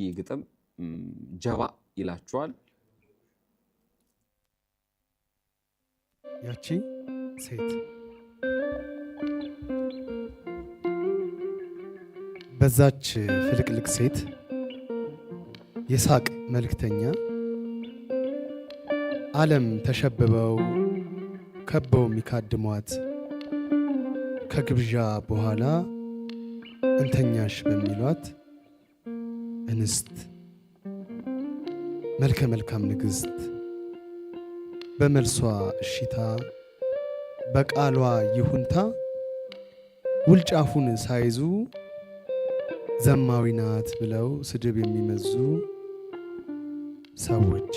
ይህ ግጥም ጀባ ይላችኋል። ያቺ ሴት በዛች ፍልቅልቅ ሴት የሳቅ መልክተኛ ዓለም ተሸብበው ከበው የሚካድሟት ከግብዣ በኋላ እንተኛሽ በሚሏት እንስት መልከ መልካም ንግሥት በመልሷ እሽታ በቃሏ ይሁንታ ውልጫፉን ሳይዙ ዘማዊ ናት ብለው ስድብ የሚመዙ ሰዎች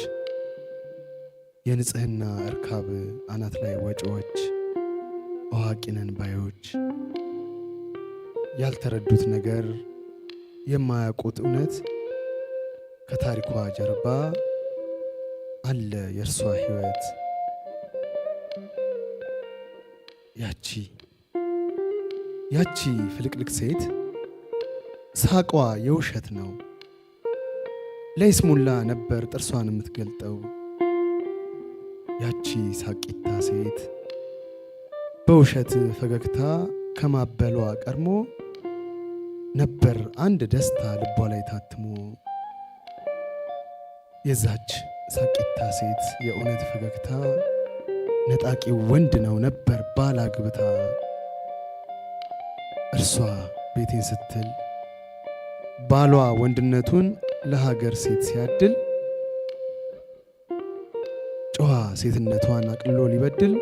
የንጽህና እርካብ አናት ላይ ወጪዎች አዋቂነን ባዮች ያልተረዱት ነገር የማያውቁት እውነት ከታሪኳ ጀርባ አለ የእርሷ ህይወት ያቺ ያቺ ፍልቅልቅ ሴት ሳቋ የውሸት ነው። ለይስሙላ ነበር ጥርሷን የምትገልጠው ያቺ ሳቂታ ሴት በውሸት ፈገግታ ከማበሏ ቀድሞ ነበር አንድ ደስታ ልቧ ላይ ታትሞ የዛች ሳቂታ ሴት የእውነት ፈገግታ ነጣቂ ወንድ ነው ነበር ባላ ግብታ እርሷ ቤቴን ስትል ባሏ ወንድነቱን ለሀገር ሴት ሲያድል ጨዋ ሴትነቷን አቅሎ ሊበድል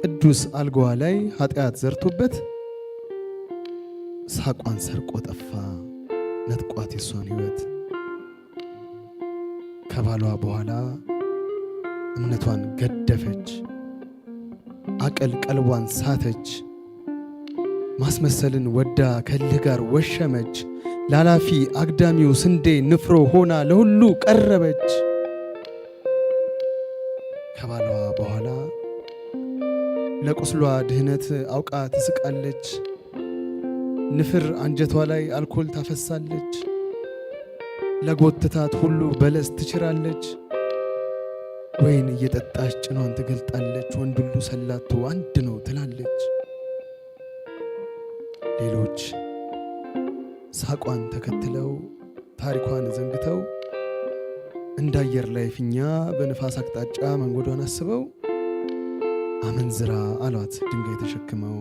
ቅዱስ አልጋዋ ላይ ኃጢአት ዘርቶበት ሳቋን ሰርቆ ጠፋ ነጥቋት የሷን ሕይወት ከባሏ በኋላ እምነቷን ገደፈች፣ አቅል ቀልቧን ሳተች፣ ማስመሰልን ወዳ ከልህ ጋር ወሸመች፣ ላላፊ አግዳሚው ስንዴ ንፍሮ ሆና ለሁሉ ቀረበች። ከባሏ በኋላ ለቁስሏ ድህነት አውቃ ትስቃለች፣ ንፍር አንጀቷ ላይ አልኮል ታፈሳለች። ለጎትታት ሁሉ በለስ ትችራለች፣ ወይን እየጠጣች ጭኗን ትገልጣለች። ወንድ ሁሉ ሰላቱ አንድ ነው ትላለች። ሌሎች ሳቋን ተከትለው ታሪኳን ዘንግተው እንደ አየር ላይ ፊኛ በንፋስ አቅጣጫ መንጎዷን አስበው አመንዝራ አሏት ድንጋይ ተሸክመው